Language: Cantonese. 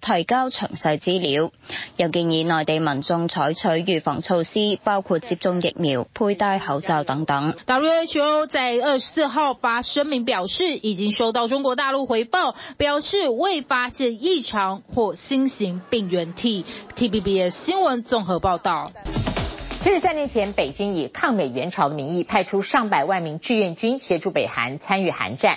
提交詳細資料，又建議內地民眾採取預防措施，包括接種疫苗、佩戴口罩等等。WHO 在二十四號發聲明表示，已經收到中國大陸回報，表示未發現異常或新型病原體。TVBS 新聞綜合報導。七十三年前，北京以抗美援朝的名義，派出上百萬名志願軍協助北韓參與韓戰。